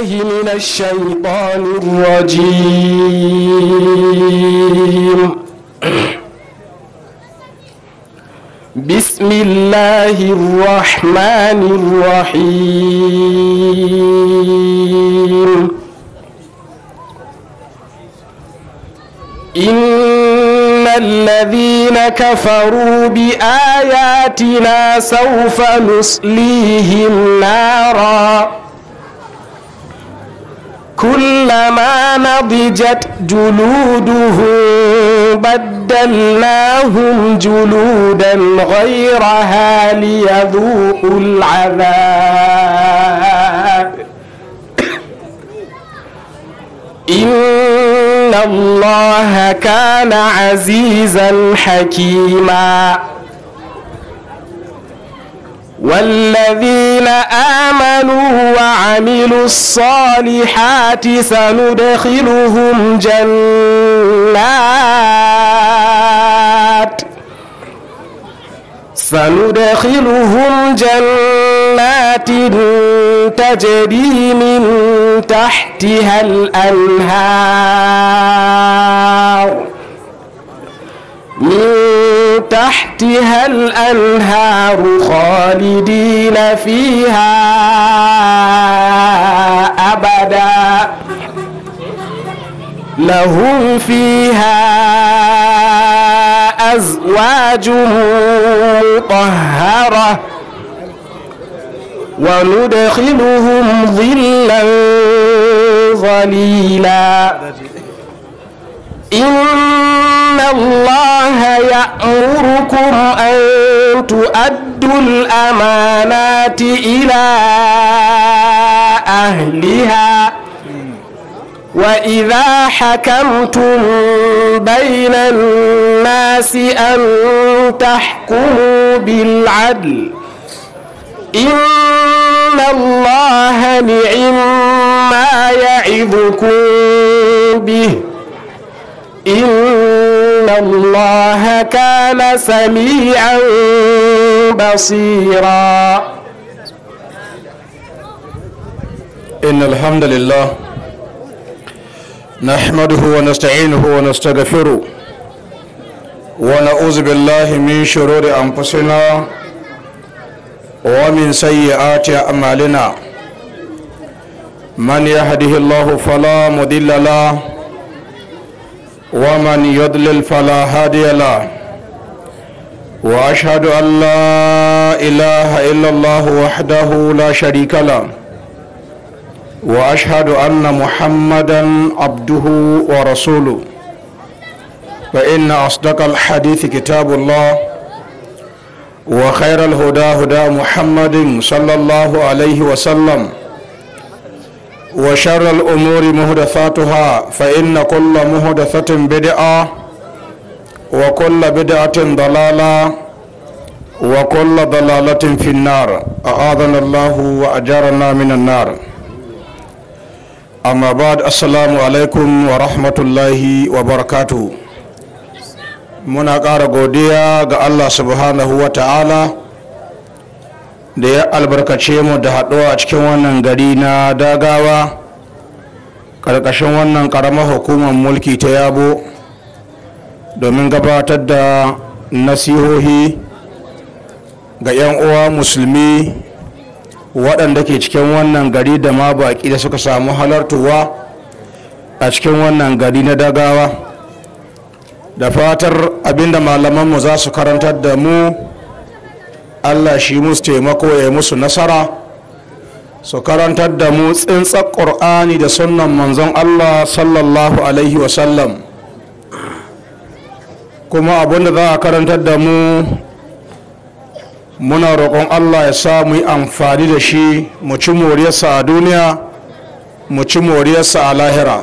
بالله من الشيطان الرجيم بسم الله الرحمن الرحيم إن الذين كفروا بآياتنا سوف نصليهم ناراً كلما نضجت جلودهم بدلناهم جلودا غيرها ليذوقوا العذاب إن الله كان عزيزا حكيما والذين آمنوا وعملوا الصالحات سندخلهم جنات سندخلهم جنات تجري من تحتها الأنهار من تحتها الأنهار خالدين فيها أبدا لهم فيها أزواج مطهرة وندخلهم ظلا ظليلا إن الله يأمركم أن تؤدوا الأمانات إلى أهلها وإذا حكمتم بين الناس أن تحكموا بالعدل إن الله نعم ما يعظكم به إن الله كان سميعا بصيرا إن الحمد لله نحمده ونستعينه ونستغفره ونعوذ بالله من شرور أنفسنا ومن سيئات أعمالنا من يهده الله فلا مضل له ومن يضلل فلا هادي له واشهد ان لا اله الا الله وحده لا شريك له واشهد ان محمدا عبده ورسوله فان اصدق الحديث كتاب الله وخير الهدى هدى محمد صلى الله عليه وسلم وشر الأمور مهدثاتها فإن كل مهدثة بدعة وكل بدعة ضلالة وكل ضلالة في النار أعاذنا الله وأجارنا من النار أما بعد السلام عليكم ورحمة الله وبركاته muna ƙara godiya ga allah subhanahu wa ta'ala da ya albarkace mu da haɗuwa a cikin wannan gari na dagawa ƙarƙashin wannan ƙaramar hukumar mulki ta yabo domin gabatar da nasihohi ga 'yan uwa musulmi waɗanda ke cikin wannan gari da ma baƙi da suka samu halartuwa a cikin wannan gari na dagawa da fatar abinda malamanmu za su karantar da mu allah shi musu taimako ya yi musu nasara su karantar da mu tsintsar ƙur'ani da sunan manzon allah sallallahu alaihi wasallam kuma abinda za a karantar da mu muna roƙon allah ya sa mu yi amfani da shi mu ci moriyarsa a duniya mu ci moriyarsa a lahira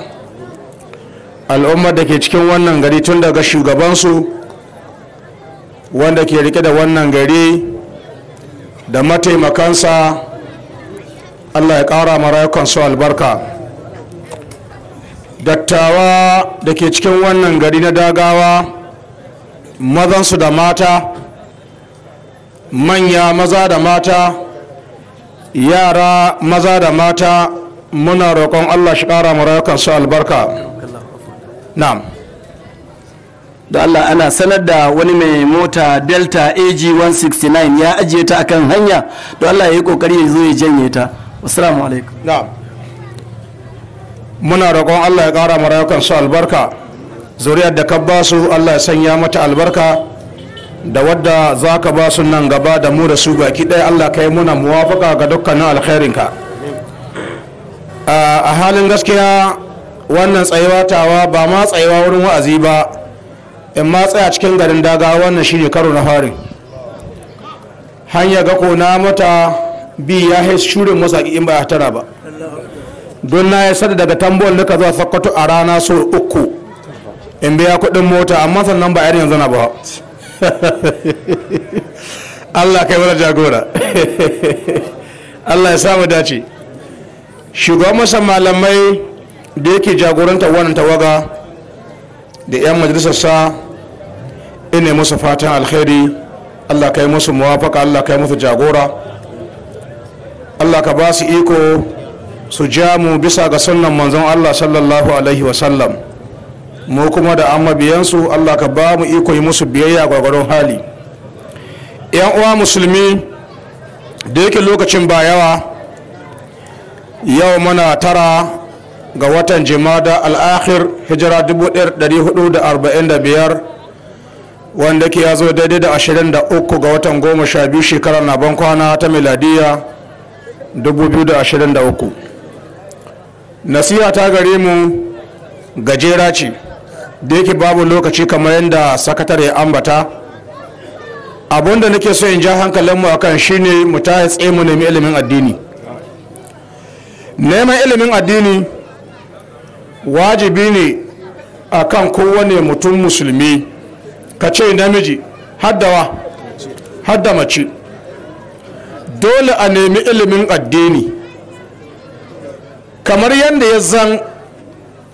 al'ummar da ke cikin wannan gari tun daga shugabansu wanda ke rike da wannan gari da mataimakansa allah ya ƙara marayukansu albarka dattawa da ke cikin wannan gari na dagawa mazansu da mata manya maza da mata yara maza da mata muna roƙon allah shi ƙara marayukansu albarka na'am da Allah ana sanar da wani mai mota Delta AG 169 ya ajiye ta akan hanya da Allah ya yi kokari ya zo ya janye ta assalamu alaikum muna roƙon Allah ya ƙara marayukan su albarka zuriyar da ka ba su Allah ya sanya mata albarka da wadda za ka ba su nan gaba da mu da su baki ɗaya Allah ka yi muna muwafaka ga dukkanin alkhairinka a halin gaskiya wannan tsayuwa tawa ba ma tsayuwa wurin wa'azi ba in ma a cikin garin daga wannan shine karo na fari hanya ga kona mata bi ya haisu shurin masaki in ba ya tara ba don na ya sada daga tambon duka zuwa sakkwato a rana so uku in biya kudin mota amma sannan ba yanzu na ba Allah kai mana jagora Allah ya samu dace shugaban masa malamai da yake jagoranta wannan tawaga da 'yan majalisarsa ina musu fatan alkhairi allah kai musu muwafaka allah kai musu jagora allah ka ba su iko su ja mu bisa ga sunan manzon allah sallallahu alaihi wasallam mu kuma da an mabiyansu allah ka ba mu iko yi musu biyayya gwagwaron hali 'yan uwa musulmi da yake lokacin ba yawa yau muna tara ga watan jimada al'akhir hijira 1445 wanda ke ya zo daidai da 23 ga watan goma sha biyu shekarar na ban kwana ta miladiya 2023 nasiha ta gare mu gajera ce da yake babu lokaci kamar yadda sakatare ya ambata da nake so in ja hankalinmu akan shine mu ta tsaye mu nemi ilimin addini neman ilimin addini wajibi ne a kan kowane mutum musulmi ka ce namiji haddawa hadda mace dole a nemi ilimin addini kamar yadda ya zan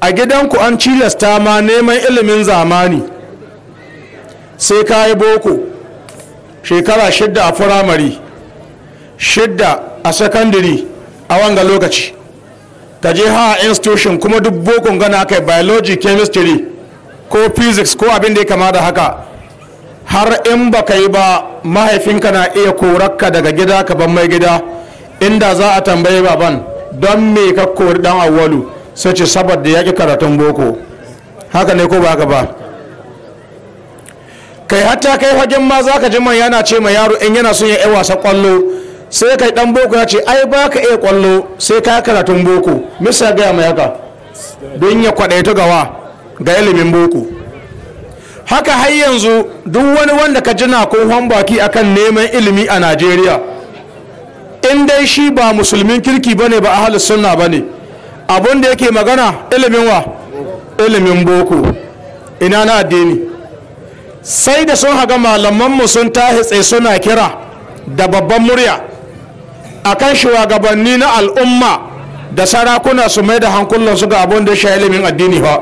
a gidanku an cilasta ma neman ilimin zamani sai ka yi boko shekara shidda a firamare shidda a sakandare a wanga lokaci ta je ha institution kuma duk bokon gana kai biology chemistry ko physics ko abin da ya kama da haka har in ba ka yi ba mahaifinka na iya korarka daga gida ka ban mai gida inda za a tambaye baban don me ka kori dan awalu sai ce saboda ya ki karatun boko haka ne ko ba haka ba kai hatta kai fagen ma za ka ji man yana ce ma yaro in yana son ya yan wasan kwallo sai kai dan boko ya ce ai ba ka iya kwallo sai ka karatun boko misa gaya mai haka don ya kwadaita gawa ga ilimin boko haka har yanzu duk wani wanda ka jina kohon baki akan neman ilimi a najeriya in dai shi ba musulmin kirki ba ne ba ahalus suna ba ne da yake magana ilimin wa ilimin boko ina na addini sai da sun haga malamanmu sun tahi tsaye suna kira da babban murya akan shugabanni na al'umma da sarakuna su mai da hankulan su ga abin da shi ilimin addini ba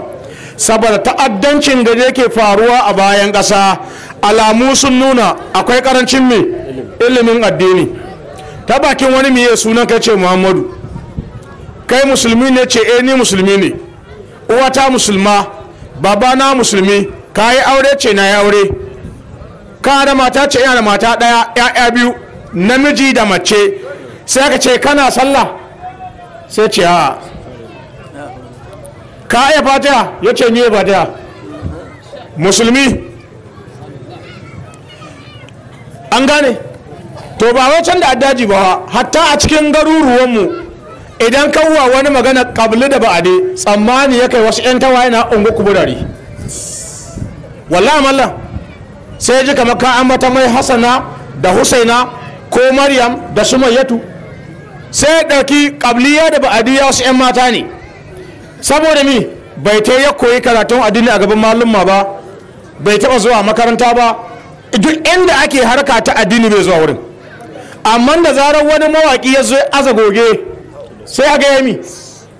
saboda ta'addancin da yake faruwa a bayan ƙasa alamu sun nuna akwai karancin mai ilimin addini ta bakin wani miye sunan kai ce muhammadu kai musulmi ne ce eh ni musulmi ne uwata musulma babana musulmi ka yi aure ce na yi aure ka da mata ce yana da mata ɗaya 'ya'ya biyu namiji da mace sai aka ce kana sallah sai ce a ka iya fatiha ya ce ni fatiha musulmi an gane to ba wacan da addaji ba hatta a cikin garuruwanmu idan kawwa wani magana kabli da ba'ade tsammani ya kai wasu 'yan tawaye na ungu kuburari wallah mallah sai ji kamar ka mata mai hasana da husaina ko maryam da sumayyatu sai ɗauki ƙabliya da ba'adiyya wasu 'yan mata ne saboda mi bai ta ya koyi karatun addini a gaban malumma ba bai taɓa zuwa makaranta ba duk inda ake harka ta addini bai zuwa wurin amma da zarar wani mawaƙi ya zo aza goge sai a gaya mi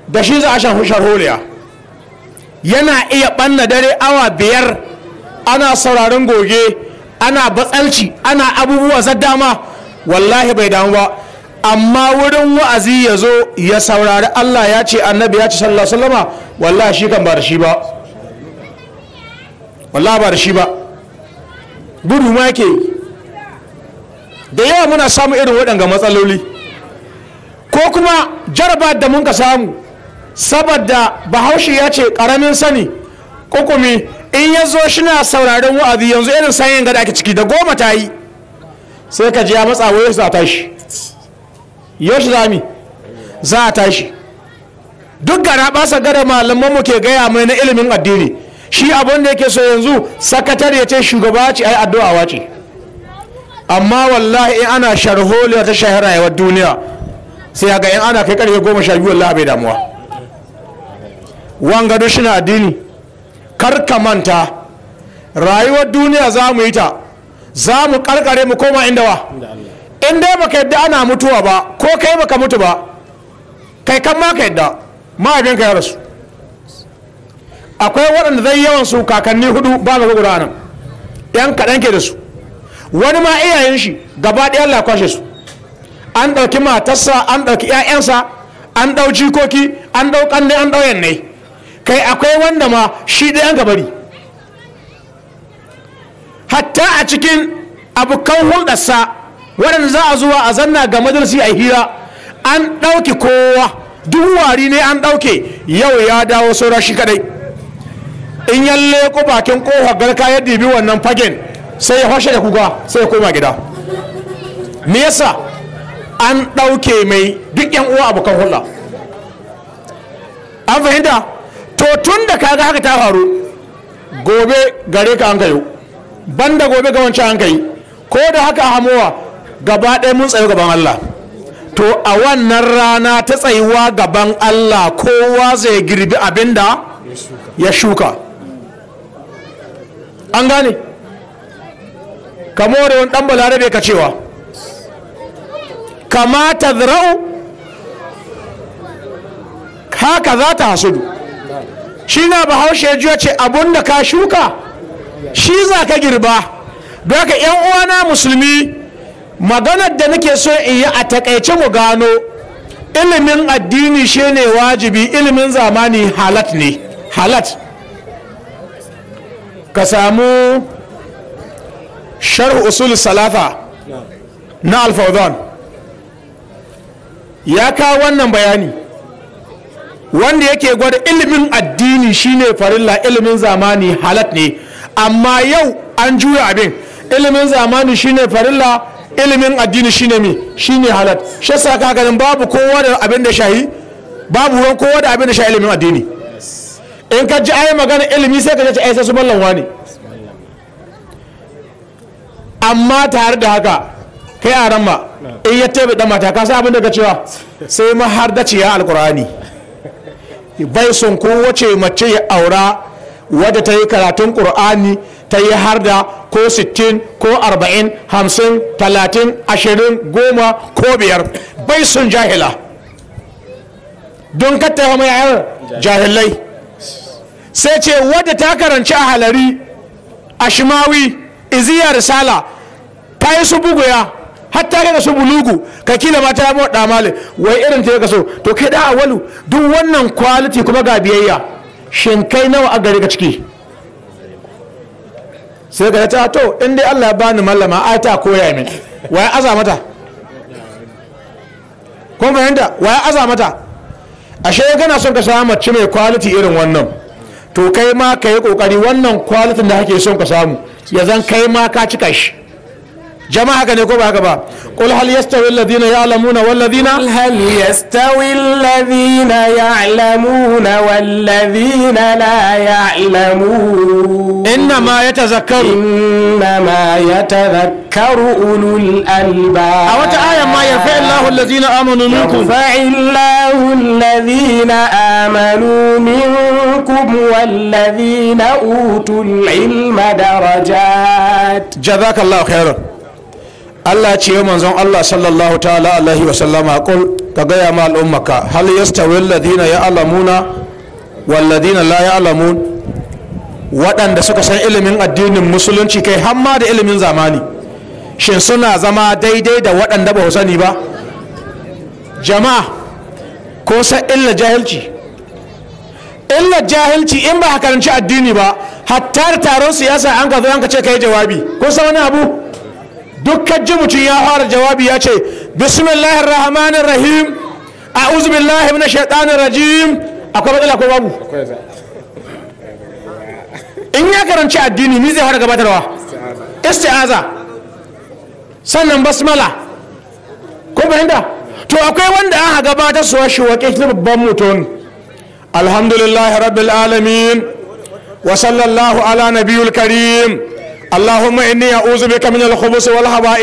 da shi za a shan holiya. yana iya ɓanna dare awa biyar ana sauraron goge ana batsalci ana abubuwa dama wallahi bai damu ba amma wurin wa'azi ya zo ya saurari Allah ya ce annabi ya ce sallallahu sallama wallah shi kan ba da shi ba wallah ba da shi ba gudu ma ke da yawa muna samun irin waɗanga matsaloli ko kuma jaraba da mun ka samu saboda bahaushe ya ce karamin sani kukumi in ya zo shi na sauraron wa'azi yanzu irin sanyin gada ake ciki da goma ta yi sai ka ji ya matsa wayarsa a tashi yaushe za mi za a tashi duk gara basa gada malaman mu ke gaya mai na ilimin addini shi abin da yake so yanzu sakatare ya ce shugaba ce ai addu'a ce amma wallahi in ana sharholi ta shahara yawa duniya sai ga in ana kai karfe goma sha biyu wallahi bai damuwa wanga duk shina addini kar ka manta rayuwar duniya za mu yi ta za mu karkare mu koma inda wa in dai baka yadda ana mutuwa ba ko kai baka mutu ba kai kan ma ka yadda ka ya rasu akwai waɗanda zai yawan su kakanni hudu ba ga guda nan yan kaɗan ke da su wani ma iyayen shi gaba ɗaya Allah kwashe su an ɗauki matarsa an ɗauki 'ya'yansa an ɗau jikoki an ɗau ƙanne an ɗau yanne kai akwai wanda ma shi ɗaya ga bari. hatta a cikin abokan hulɗarsa waɗanda za a zuwa a zanna ga majalisi a hira an ɗauke kowa duk wari ne an ɗauke yau ya dawo saura shi kadai in yalle leko bakin kofa garka ya dibi wannan fagen sai ya fashe da kuka sai ya koma gida me yasa an ɗauke mai duk yan uwa abokan hulɗa an fahimta to tun da kaga haka ta faru gobe gare ka an kayo banda gobe ga wancan an kai ko da haka a hamowa gaba ɗaya mun tsayo gaban Allah to a wannan rana ta tsayuwa gaban Allah kowa zai girbi abin da ya shuka an gane kamar wani ɗan balarabe ka cewa kama ta zira'u haka za ta hasudu shi na bahaushe ya juya ce abun ka shuka shi za ka girba don haka 'yan uwana musulmi maganar da nake so in yi a takaice mu gano ilimin addini shine wajibi ilimin zamani halat ne halat ka samu sharh usul salata na alfaudon ya kawo wannan bayani wanda yake gwada ilimin addini shine farilla ilimin zamani halat ne amma yau an juya abin ilimin zamani shine farilla ilimin addini shine me shine halal shi yasa ka ganin babu kowa da abin da shahi babu ruwan kowa da abin da shahi ilimin addini in ka ji ayi magana ilimi sai ka ji ai sai su ballanwa wani amma tare da haka kai a ranma in ya tebe da mata ka san abin da ka cewa sai ma har da ciya alkurani bai son kowace mace ya aura wadda ta yi karatun qur'ani ta yi har da ko 60 ko 40 50 30 20 goma ko biyar bai sun jahila don kata ya mayar jahilai sai ce wadda ta karanci a halari a shimawi iziya risala ta yi su buguya hatta kai su bulugu ka kila ma ta mawa damale wai irin ta ka so to kai da awalu duk wannan kwaliti kuma ga biyayya shin kai nawa a gare ka ciki sai ka ta ah, to in dai Allah ya bani mallama ai ta koya min waya aza mata kun fahimta waya aza mata ashe kana son ka samu mace mai quality irin wannan to kai ma kayi kokari wannan quality da kake son ka samu ya zan kai ma ka cika shi جماعة كان يقول هكذا قل هل يستوي الذين يعلمون والذين قل هل يستوي الذين يعلمون والذين لا يعلمون إنما يتذكر إنما يتذكر أولو الألباب أو آية ما يرفع الله الذين آمنوا منكم يرفع الله الذين آمنوا منكم والذين أوتوا العلم درجات جزاك الله خيرا Allah ce manzon Allah sallallahu ta'ala alaihi wa sallama qul ka gaya ma al'ummaka hal yastawi alladhina ya'lamuna wal ladina la ya'lamun waɗanda suka san ilimin addinin musulunci kai hamma da ilimin zamani shin suna zama daidai da waɗanda ba sani ba jama'a ko san illa jahilci illa jahilci in ba karanci addini ba hatta taron siyasa an ka zo an ka ce kai jawabi ko san wani abu dukkan ji mutum ya fara jawabi ya ce bismillahir rahmanir rahim a'udhu billahi minash shaitanir rajim akwai matsala ko babu in ya karanci addini ni zai fara gabatarwa isti'aza sannan basmala ko fahimta to akwai wanda aka gabatar su shi wa babban mutum alhamdulillahi rabbil alamin wa sallallahu ala nabiyul karim Allahumma inni أعوذ بك min الخبث khubuthi wal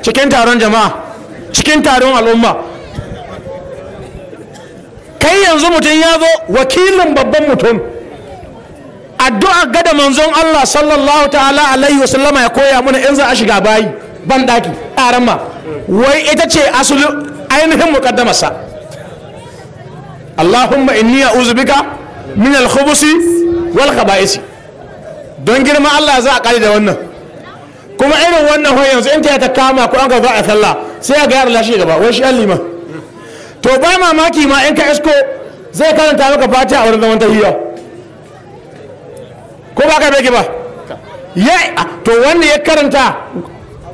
cikin taron jama'a cikin taron al'umma kai yanzu mutum ya zo wakilin babban mutum addu'a gada manzon Allah sallallahu ta'ala alaihi wasallama ya koya mana in za a shiga bayi ban daki ƙaran ma wai ita ce asali ainihin muqaddamarsa Allahumma inni a'udhu bika min al khubusi wal khaba'isi don girma Allah za a kare da wannan kuma irin wannan hoyon yanzu in ta ta kama ko an ga za a sallah sai ga 'yar lashe gaba wai shi alima to ba mamaki ma in ka isko zai karanta maka fati a wurin zaman tahiyya ko ba ka bege ba ya to wanda ya karanta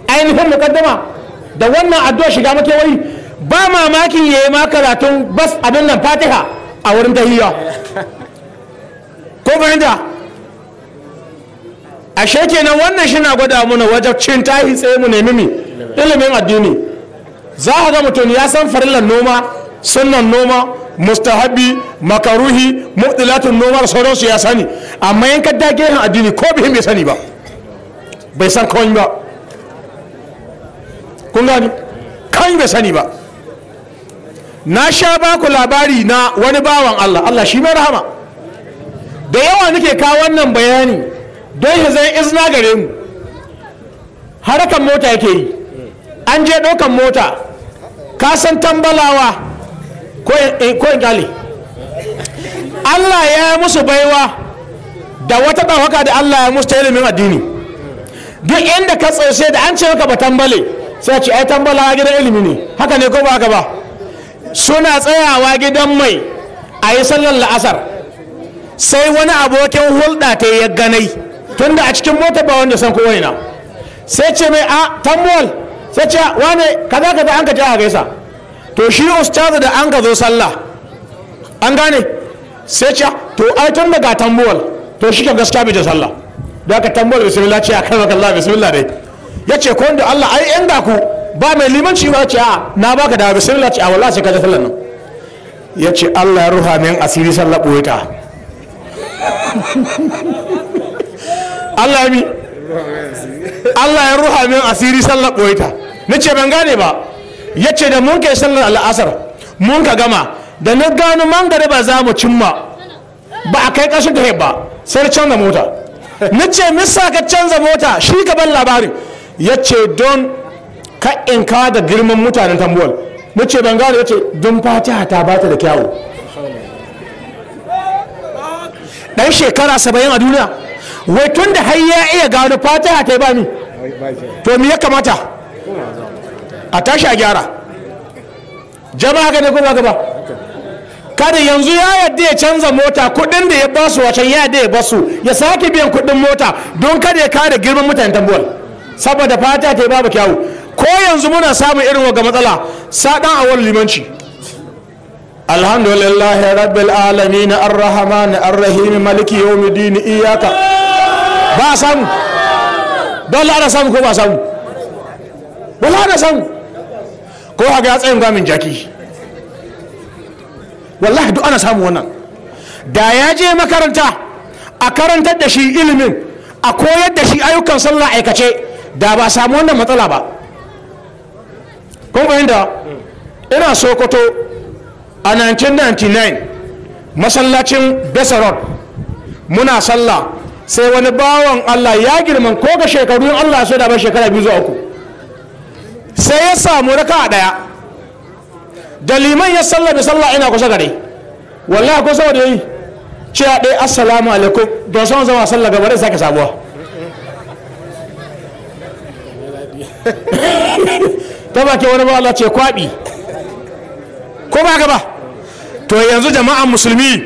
ainihin mukaddama da wannan addu'a shiga maka wai ba mamaki ya yi ma karatun bas abin nan fatiha a wurin tahiyya ko fahimta ashe kenan wannan shi na gwada wajen wajen tahi tsaye mu nemi ilimin addini za a ga mutum ya san farillan noma sunnan noma mustahabi makaruhi mu'tilatun noma da sauransu ya sani amma yanka da gehen addini ko bihin bai sani ba bai san kawai ba kun gani kawai bai sani ba na sha baku labari na wani bawan Allah Allah shi mai rahama da yawa nake kawo wannan bayani don ya zai izina gare mu harakan mota yake yi an je ɗaukan mota ka san tambalawa ko in gali eh, allah ya yi musu baiwa da wata ɗauka da allah ya musu ta ilimin addini duk inda ka tsarshe da an ce maka ba tambale sai ce ai tambalawa gidan ilimi ne haka ne ko ba haka ba suna tsayawa gidan mai a yi sallar la'asar sai wani abokin hulɗa ta ya ganai tunda a cikin mota ba wanda san kowa ina sai ce mai a tambuwal sai ce wane kaza kaza an ka ji a gaisa to shi ustaz da an ka zo sallah an gane sai ce to ai tun daga tambuwal to shi ka gaskiya bai je sallah da ka tambuwal bismillah ce a kan Allah bismillah dai ya ce ko da Allah ai in ga ku ba mai limanci ba ce a na baka da bismillah ce a wallahi sai ka ji sallah nan ya ce Allah ya ruha min asiri sallah boye ta Allah ya mi Allah ya ruha min asiri sallar ɓoyita na ce ban gane ba ya ce da mun kai sallar al'asar mun ka gama da na gano mangare ba za mu cimma ba a kai ƙashin ta ba sai na canza mota na ce misa ka canza mota shi ka ban labarin ya ce don ka in ka da girman mutanen tambuwal na ce ban gane ya don fatiha ta bata da kyawu dan shekara saba'in a duniya wai tun da har ya iya gano fatiha ta ba to me ya kamata a tashi a gyara jama'a ga ne gaba gaba kada yanzu ya yadda ya canza mota kudin da ya basu wacan ya yadda ya basu ya sake biyan kudin mota don kada ya kare girman mutane tambuwal saboda fata ta babu kyawu ko yanzu muna samun irin waga matsala sadan wani limanci الحمد لله رب العالمين الرحمن الرحيم ملك يوم الدين إياك باسم دول أنا سام كو باسم ولا أنا سام كو حاجة أتعلم من جاكي والله دو أنا سام وانا da ya ما كرنتا أكرنتا دشي علم أكوية دشي أيو كان صلى الله ayyukan sallah aikace da ba samu wannan matsala ba kun a 1999 masallacin besarot muna sallah sai wani bawan allah ya girman ko ga shekaru allah so da ba shekara biyu zuwa uku sai ya samu raka daya da liman ya da sallah ina kusa gare wallahi ko saboda yi a ɗai assalamu alaikum don son zama sallah gaba da sake sabuwa ta baki wani ba Allah ce kwabi ko ba ka ba to yanzu jama'an musulmi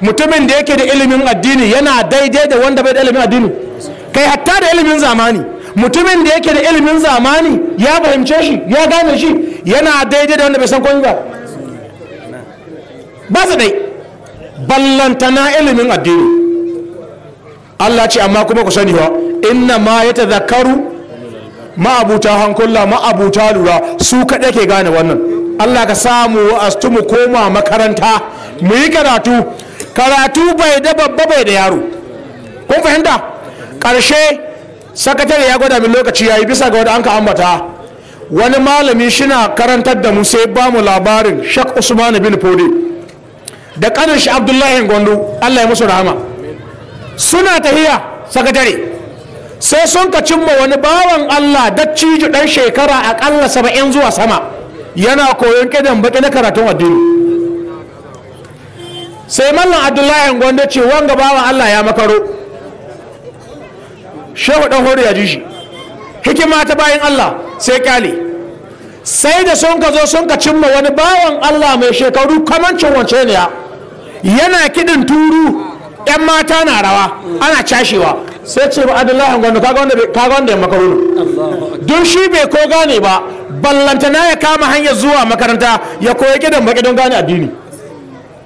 mutumin da yake da ilimin addini yana daidai da wanda bai da ilimin addini kai hatta da ilimin zamani mutumin da yake da ilimin zamani ya fahimce shi ya gane shi yana daidai da wanda bai san komai ba ba su dai ballantana ilimin addini Allah ce amma kuma ku sani wa inna ma ya tazakaru ma'abuta hankula ma'abuta lura su kaɗai ke gane wannan Allah ka samu astu mu koma makaranta mu yi karatu karatu bai da babba bai da yaro kun fahimta ƙarshe sakatare ya gwada min lokaci ya yi bisa ga wanda an ka ambata wani malami shina karantar da mu sai ba mu labarin shak usman bin fode da kanin shi abdullahi gondo allah ya musu rahama suna tahiya sakatare sai sun ka cimma wani bawan allah dacciju dan shekara akalla saba'in zuwa sama yana koyon kidan baki na karatun addini sai mallam abdullahi gwanda ce wanga bawan allah ya makaro shehu dan hori ya ji shi hikima ta bayan allah sai kyale sai da sun ka zo sun ka cimma wani bawan allah mai shekaru kamancin wance ne yana kidin turu yan mata na rawa ana cashewa sai ce ba adullahi gwanda kaga wanda ya makaro duk shi bai ko gane ba ballantana ya kama hanyar zuwa makaranta ya koya kidan baki don gane addini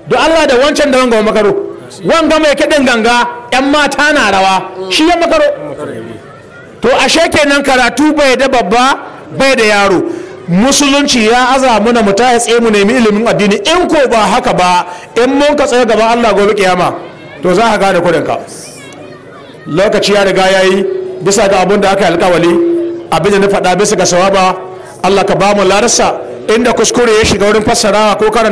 don Allah da wancan da wanga makaro wanga mai kidan ganga yan mata na rawa shi ya makaro to ashe kenan karatu bai da babba bai da yaro musulunci ya aza muna mu ta tsaye mu nemi ilimin addini in ko ba haka ba in mun ka tsaye gaban Allah gobe kiyama to za ka gane kudin ka lokaci ya riga yayi bisa ga abun da aka yi alkawali abin da na faɗa bisa ga sawaba Allah ka ba mu larasa inda kuskure ya shiga wurin fassarawa ko karanta